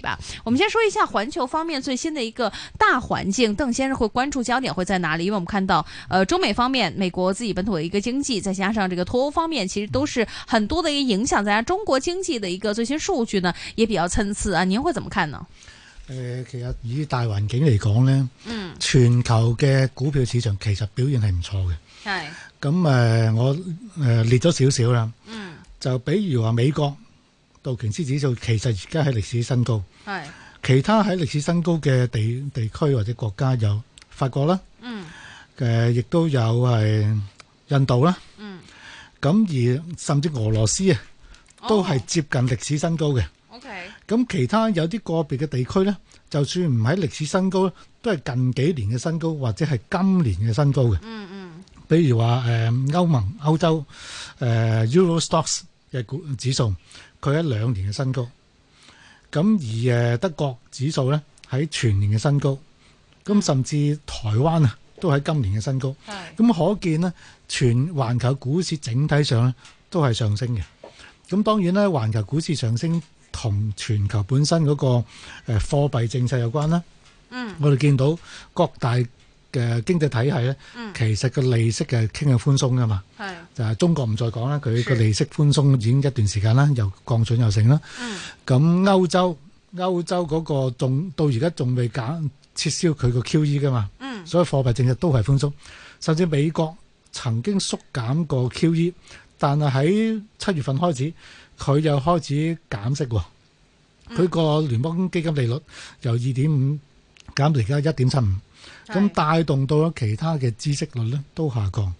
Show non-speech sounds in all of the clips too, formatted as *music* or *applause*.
吧，我們先說一下環球方面最新的一個大環境，鄧先生會關注焦點會在哪裏？因為我們看到，呃，中美方面，美國自己本土的一個經濟，再加上這個脫歐方面，其實都是很多的一個影響。再加中國經濟的一個最新數據呢，也比較參差啊。您會怎麼看呢？呃，其實以大環境嚟講呢，嗯，全球嘅股票市場其實表現係唔錯嘅，係、嗯。咁、嗯、呃，我呃列咗少少啦，嗯，就比如話美國。道瓊斯指數其實而家喺歷史新高，其他喺歷史新高嘅地地區或者國家有法國啦，誒亦都有係印度啦，咁而甚至俄羅斯啊都係接近歷史新高嘅。OK，咁其他有啲個別嘅地區咧，就算唔喺歷史新高，都係近幾年嘅新高或者係今年嘅新高嘅。嗯嗯，比如話誒歐盟歐洲誒 Euro Stocks 嘅股指數，佢一兩年嘅新高，咁而誒德國指數咧喺全年嘅新高，咁甚至台灣啊都喺今年嘅新高，咁可見咧，全環球股市整體上咧都係上升嘅。咁當然咧，環球股市上升同全球本身嗰個誒貨幣政策有關啦。嗯，我哋見到各大。嘅經濟體系咧、嗯，其實個利息係傾向寬鬆噶嘛，啊、就係、係、中國唔再講啦，佢個利息寬鬆已經一段時間啦，又降準又成啦。咁、嗯、歐洲歐洲嗰個仲到而家仲未減撤銷佢個 QE 噶嘛、嗯，所以貨幣政策都係寬鬆。甚至美國曾經縮減過 QE，但係喺七月份開始佢又開始減息喎。佢、嗯、個聯邦基金利率由二點五減到而家一點七五。咁帶動到咗其他嘅知識率咧都下降。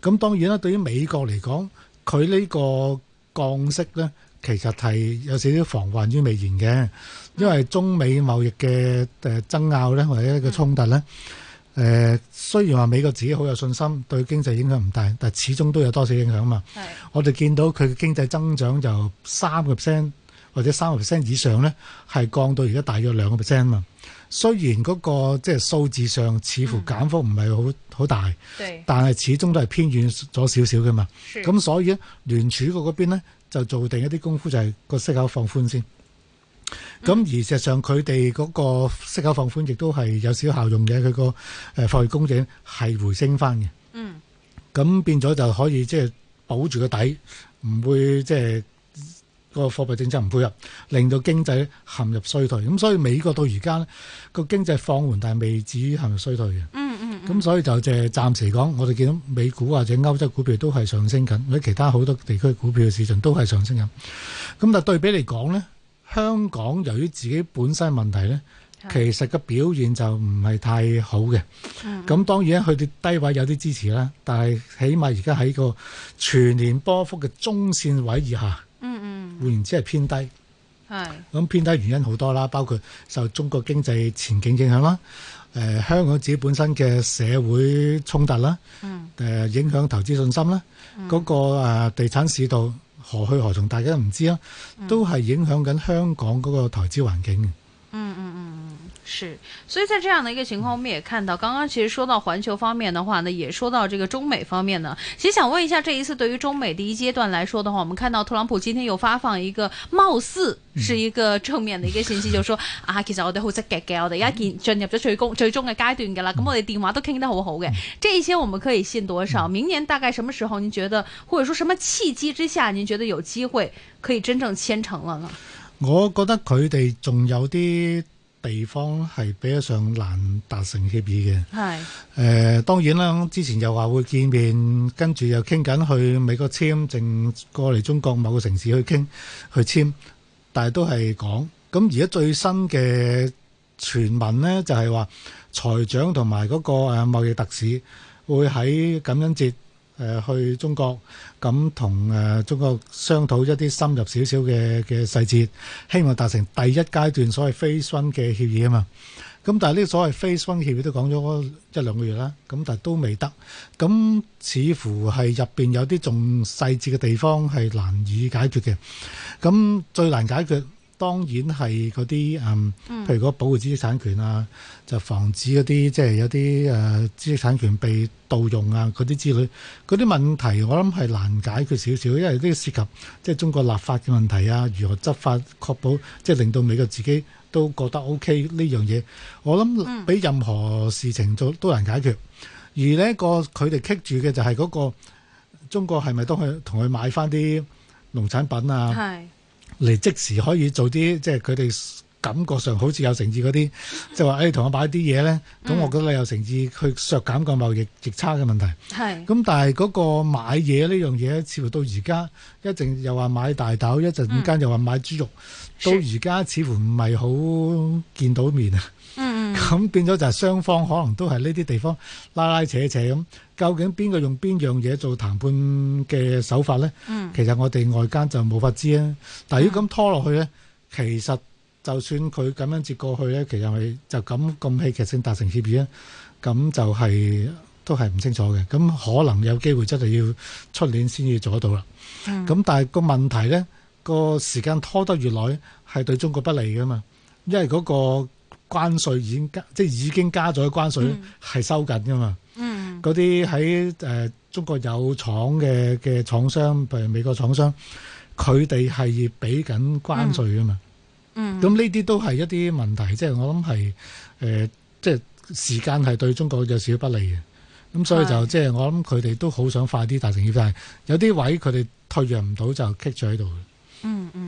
咁當然啦，對於美國嚟講，佢呢個降息咧，其實係有少少防患於未然嘅，因為中美貿易嘅誒爭拗咧或者一個衝突咧，誒、嗯、雖然話美國自己好有信心，對經濟影響唔大，但係始終都有多少影響嘛。我哋見到佢嘅經濟增長由三個 percent 或者三個 percent 以上咧，係降到而家大約兩個 percent 嘛。雖然嗰、那個即係數字上似乎減幅唔係好好大，但係始終都係偏遠咗少少嘅嘛。咁所以聯儲局嗰邊咧就做定一啲功夫，就係個息口放寬先。咁、嗯、而實際上佢哋嗰個息口放寬亦都係有少少效用嘅，佢個誒貨幣供應係回升翻嘅。嗯，咁變咗就可以即係保住個底，唔會即係。個貨幣政策唔配合，令到經濟陷入衰退。咁所以美國到而家呢個經濟放緩，但係未至於陷入衰退嘅。嗯嗯。咁、嗯、所以就即係暫時講，我哋見到美股或者歐洲股票都係上升緊，或者其他好多地區股票嘅市場都係上升緊。咁但對比嚟講呢，香港由於自己本身問題呢，其實個表現就唔係太好嘅。咁、嗯、當然佢哋低位有啲支持啦，但係起碼而家喺個全年波幅嘅中線位以下。嗯嗯換言之係偏低，係咁偏低原因好多啦，包括受中國經濟前景影響啦，誒、呃、香港自己本身嘅社會衝突啦，誒、嗯呃、影響投資信心啦，嗰、嗯那個、啊、地產市道何去何從，大家都唔知啦，都係影響緊香港嗰個投資環境。嗯嗯。嗯。是，所以在這樣的一個情況，我們也看到，剛剛其實說到環球方面的話呢，也說到這個中美方面呢。其實想問一下，這一次對於中美第一階段來說的話，我們看到特朗普今天又發放一個，貌似是一個正面的一個信息，嗯、就是，說啊，其實我哋會再加我的，我哋而家進入咗最終、最終嘅階段嘅啦。咁、嗯、我哋電話都傾得好好嘅，這一些我們可以信多少？明年大概什麼時候？您覺得或者說什麼契機之下，您覺得有機會可以真正簽成了呢？我覺得佢哋仲有啲。地方係比得上難達成協議嘅。係誒、呃、當然啦，之前又話會見面，跟住又傾緊去美國簽，正過嚟中國某個城市去傾去簽，但係都係講，咁而家最新嘅傳聞咧，就係話財長同埋嗰個誒貿易特使會，喺感恩節。誒去中國，咁同誒中國商討一啲深入少少嘅嘅細節，希望達成第一階段所謂 phase one 嘅協議啊嘛。咁但係呢個所謂 phase one 協議都講咗一兩個月啦，咁但係都未得。咁似乎係入邊有啲仲細節嘅地方係難以解決嘅。咁最難解決，當然係嗰啲嗯，譬如保護知識產權啊，嗯、就防止嗰啲即係有啲誒知識產權被盜用啊，嗰啲之類，嗰啲問題我諗係難解決少少，因為呢個涉及即係、就是、中國立法嘅問題啊，如何執法確保即係、就是、令到美國自己都覺得 O K 呢樣嘢，我諗比任何事情做都難解決。嗯、而呢他們卡、那個佢哋棘住嘅就係嗰個中國係咪都去同佢買翻啲農產品啊？嚟即時可以做啲即係佢哋感覺上好似有誠意嗰啲， *laughs* 即係話誒同我買啲嘢咧，咁、嗯、我覺得你有誠意去削減個貿易逆差嘅問題。係，咁但係嗰個買嘢呢樣嘢，似乎到而家一陣又話買大豆，嗯、一陣間又話買豬肉，到而家似乎唔係好見到面啊。 *laughs* 咁變咗就係雙方可能都係呢啲地方拉拉扯扯咁，究竟邊個用邊樣嘢做談判嘅手法咧？嗯，其實我哋外間就冇法知啊。但係如果咁拖落去咧，其實就算佢咁樣接過去咧，其實係就咁咁戲劇性達成協議咧，咁就係都係唔清楚嘅。咁可能有機會真係要出年先至阻到啦做得到。咁但係個問題咧，個時間拖得越耐係對中國不利㗎嘛，因為嗰個。關稅已經加，即係已經加咗嘅關稅係收緊㗎嘛。嗰啲喺誒中國有廠嘅嘅廠商，譬如美國廠商，佢哋係俾緊關稅㗎嘛。咁呢啲都係一啲問題，即係我諗係誒，即係時間係對中國有少少不利嘅。咁所以就即係我諗佢哋都好想快啲達成協定，有啲位佢哋退讓唔到就棘咗喺度。嗯嗯。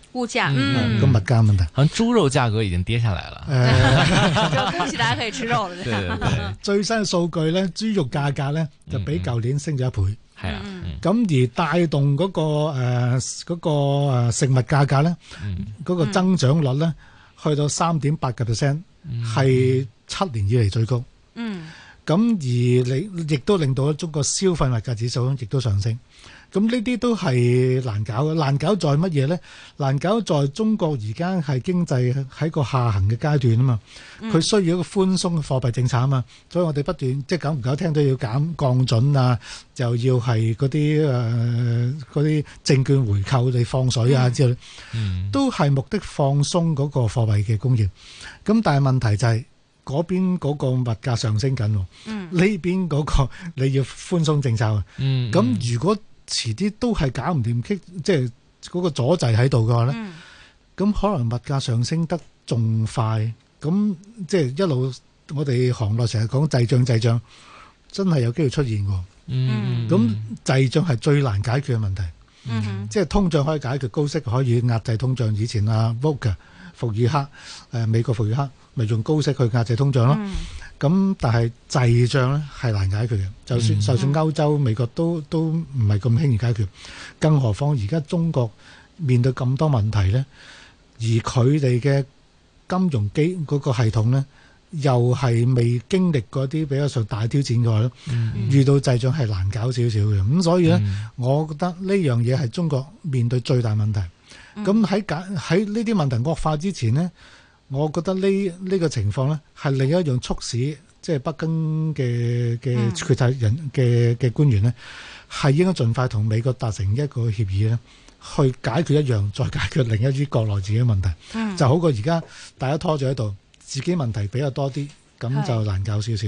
物價個、嗯、物價咁樣，響、嗯、豬肉價格已經跌下來啦。恭、呃、喜 *laughs* 大家可以吃肉啦！ *laughs* 對對對，最新嘅數據咧，豬肉價格咧就比舊年升咗一倍，係、嗯、啊。咁、嗯、而帶動嗰、那個誒、呃那個誒食物價格咧，嗰、嗯那個增長率咧、嗯、去到三點八個 percent，係七年以嚟最高。嗯。咁、嗯、而你亦都令到中國消費物價指數亦都上升。咁呢啲都係難搞嘅，難搞在乜嘢咧？難搞在中國而家係經濟喺個下行嘅階段啊嘛，佢需要一個寬鬆嘅貨幣政策啊嘛，所以我哋不斷即係久唔久聽到要減降準啊，就要係嗰啲誒嗰啲證券回購你放水啊之類，都係目的放鬆嗰個貨幣嘅供應。咁但係問題就係嗰邊嗰個物價上升緊喎，呢邊嗰個你要寬鬆政策啊，咁如果遲啲都係搞唔掂，即係嗰個阻滯喺度嘅話咧，咁、嗯、可能物價上升得仲快，咁即係一路我哋行內成日講滯脹滯脹，真係有機會出現㗎。咁滯脹係最難解決嘅問題，嗯、即係通脹可以解決，高息可以壓制通脹。以前阿、啊、沃克、福爾克、美國福爾克，咪用高息去壓制通脹咯。嗯嗯。咁但係滯脹咧係難解決嘅，就算就算歐洲、美國都都唔係咁輕易解決，更何況而家中國面對咁多問題咧，而佢哋嘅金融機嗰個系統咧，又係未經歷嗰啲比較上大挑戰嘅話，遇到滯脹係難搞少少嘅。咁所以咧，我覺得呢樣嘢係中國面對最大問題。咁喺解喺呢啲問題惡化之前咧。我覺得呢呢、這個情況呢，係另一樣促使即係北京嘅嘅決策人嘅嘅官員呢，係應該盡快同美國達成一個協議呢去解決一樣，再解決另一啲國內自己的問題、嗯，就好過而家大家拖住喺度，自己問題比較多啲，咁就難搞少少。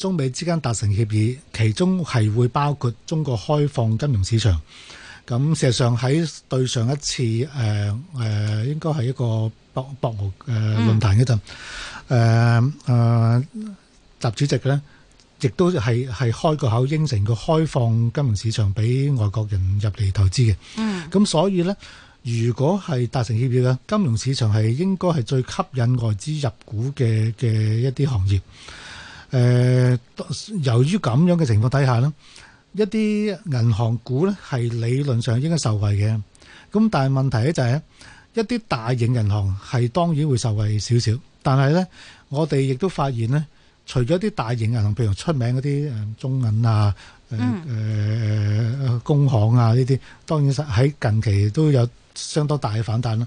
中美之間達成協議，其中係會包括中國開放金融市場。咁，事實上喺對上一次誒誒、呃，應該係一個博博鰲誒、呃、論壇嗰陣，誒、嗯、誒、呃呃、習主席咧，亦都係係開個口應承個開放金融市場俾外國人入嚟投資嘅。嗯，咁所以咧，如果係達成協議咧，金融市場係應該係最吸引外資入股嘅嘅一啲行業。誒、呃，由於咁樣嘅情況底下呢，一啲銀行股咧係理論上應該受惠嘅。咁但係問題咧就係、是，一啲大型銀行係當然會受惠少少，但係咧，我哋亦都發現咧，除咗啲大型銀行，譬如出名嗰啲誒中銀啊、誒誒工行啊呢啲，當然喺近期都有相當大嘅反彈啦。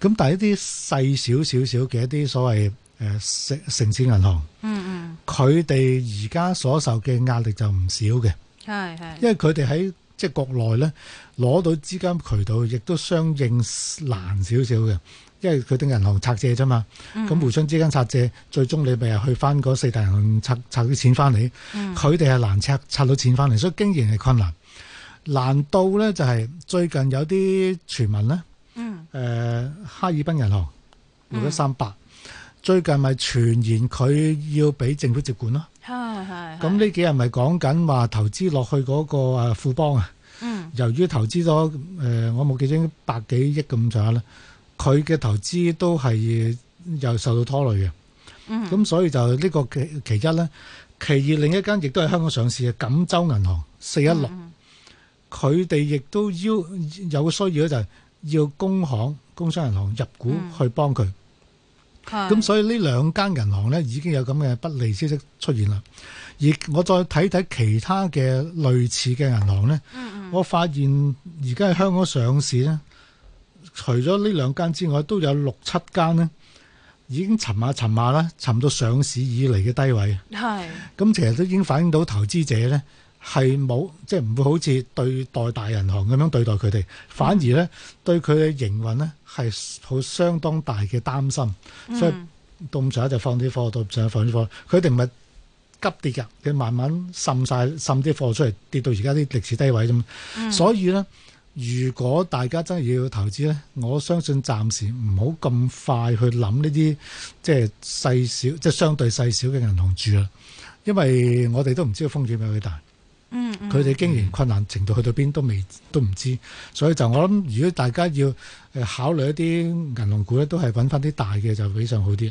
咁但係一啲細少少少嘅一啲所謂，誒、呃、城城市銀行，嗯嗯，佢哋而家所受嘅壓力就唔少嘅，係、嗯、係、嗯，因為佢哋喺即係國內咧攞到資金渠道，亦都相應難少少嘅，因為佢哋銀行拆借啫嘛，咁互相之金互相之間拆借，最終你咪又去翻嗰四大銀行拆拆啲錢翻嚟，佢哋係難拆拆到錢翻嚟，所以經營係困難。難到咧就係、是、最近有啲傳聞咧，嗯，誒、呃，哈爾濱銀行六一三百六一三八……最近咪傳言佢要俾政府接管咯，係、啊、係。咁呢幾日咪講緊話投資落去嗰個富邦啊，嗯，由於投資咗誒，我冇記清百幾億咁上下啦，佢嘅投資都係又受到拖累嘅，嗯，咁所以就呢個其其一咧，其二另一間亦都係香港上市嘅錦州銀行四一六，佢哋亦都要有需要咧，就係要工行、工商銀行入股去幫佢。嗯。咁所以呢兩間銀行咧已經有咁嘅不利消息出現啦。而我再睇睇其他嘅類似嘅銀行咧、嗯嗯，我發現而家喺香港上市咧，除咗呢兩間之外，都有六七間咧已經沉下、啊、沉下、啊、啦、啊，沉到上市以嚟嘅低位。係。咁其實都已經反映到投資者咧。係冇，即係唔會好似對待大銀行咁樣對待佢哋，反而咧對佢嘅營運咧係好相當大嘅擔心。嗯、所以到唔上就放啲貨，到唔上放啲貨。佢哋唔係急跌㗎，佢慢慢滲晒滲啲貨出嚟，跌到而家啲歷史低位啫嘛、嗯。所以咧，如果大家真係要投資咧，我相信暫時唔好咁快去諗呢啲即係細小即係相對細小嘅銀行住啦，因為我哋都唔知個風險有幾大。嗯，佢哋經營困難程度去到邊都未都唔知，所以就我諗，如果大家要誒考慮一啲銀行股咧，都係揾翻啲大嘅就比較上好啲。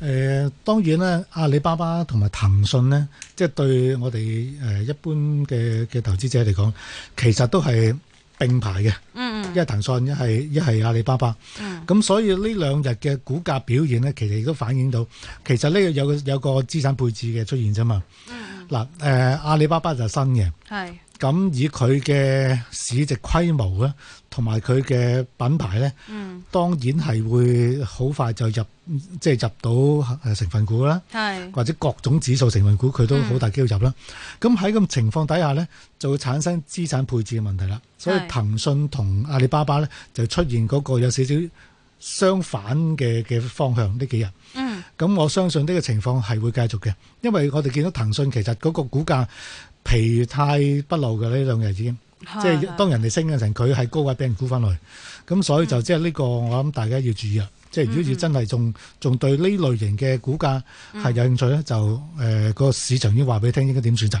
誒、呃，當然啦，阿里巴巴同埋騰訊咧，即係對我哋誒、呃、一般嘅嘅投資者嚟講，其實都係並排嘅。嗯，一係騰訊，一係一係阿里巴巴。嗯。咁所以呢兩日嘅股價表現咧，其實亦都反映到，其實呢有有個有有個資產配置嘅出現啫嘛。嗯。嗱，誒，阿里巴巴就係新嘅。係。咁以佢嘅市值規模咧，同埋佢嘅品牌咧、嗯，當然係會好快就入，即、就、係、是、入到成分股啦，或者各種指數成分股，佢都好大機會入啦。咁喺咁情況底下咧，就會產生資產配置嘅問題啦。所以騰訊同阿里巴巴咧，就出現嗰個有少少相反嘅嘅方向，呢幾日。咁、嗯、我相信呢個情況係會繼續嘅，因為我哋見到騰訊其實嗰個股價。疲態不露嘅呢兩日已經，即係當人哋升嘅時候，佢係高位俾人沽翻落去，咁所以就即係呢個、嗯、我諗大家要注意啊。即、就、係、是、如果要真係仲仲對呢類型嘅股價係有興趣咧、嗯，就誒個、呃、市場已經話俾你聽應該點選擇。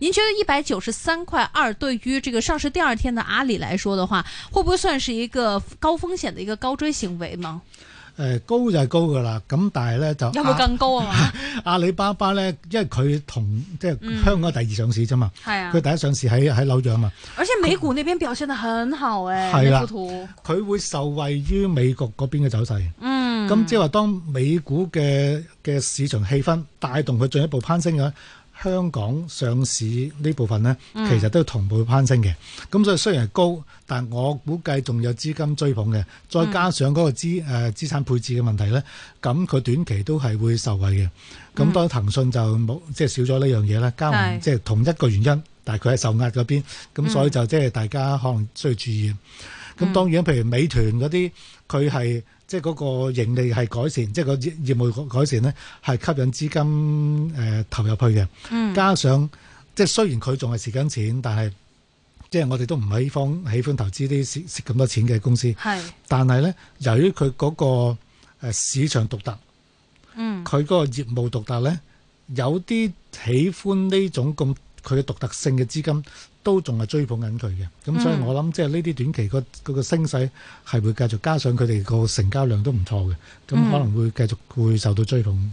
您覺得一百九十三塊二對於這個上市第二天的阿里來說的話，會不會算是一個高風險的一個高追行為嗎？誒、呃，高就係高噶啦，咁但係呢就有冇更高啊，啊？阿里巴巴呢因為佢同即係香港第二上市啫嘛，係、嗯、啊，佢第一上市喺喺紐約啊嘛。而且美股那邊表現得很好，誒、欸，係、啊、啦，佢會受惠於美國嗰邊嘅走勢，嗯，咁、嗯、即係話當美股嘅嘅市場氣氛帶動佢進一步攀升嘅。香港上市呢部分咧，其實都同步攀升嘅。咁所以雖然係高，但我估計仲有資金追捧嘅。再加上嗰個資誒資產配置嘅問題咧，咁佢短期都係會受惠嘅。咁當然騰訊就冇即係少咗呢樣嘢啦，加埋即係同一個原因，但係佢係受壓嗰邊，咁所以就即係大家可能需要注意。咁當然譬如美團嗰啲，佢係。即係嗰個盈利係改善，即係嗰啲業務改善咧，係吸引資金誒、呃、投入去嘅。嗯、加上即係雖然佢仲係蝕緊錢，但係即係我哋都唔係呢方喜歡投資啲蝕蝕咁多錢嘅公司。係但係咧，由於佢嗰個誒、市場獨特，佢、嗯、嗰個業務獨特咧，有啲喜歡呢種咁。佢嘅獨特性嘅資金都仲係追捧緊佢嘅，咁所以我諗即係呢啲短期嗰個升勢係會繼續，加上佢哋個成交量都唔錯嘅，咁可能會繼續會受到追捧。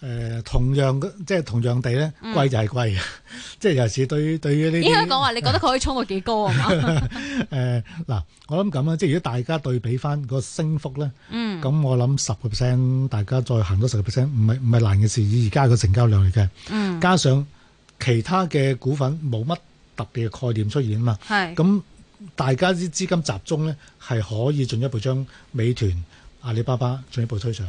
誒、呃，同樣即係同樣地咧、嗯，貴就係貴嘅，即係尤其是對於對於呢啲應該講話，你覺得佢可以衝過幾高啊？誒， *laughs* 嗱、呃，我諗咁啦，即係如果大家對比翻個升幅咧，咁、嗯、我諗十個 percent，大家再行多十個 percent，唔係唔係難嘅事，以而家嘅成交量嚟嘅、嗯，加上其他嘅股份冇乜特別嘅概念出現啊嘛，係、咁大家啲資金集中咧，係可以進一步將美團、阿里巴巴進一步推上。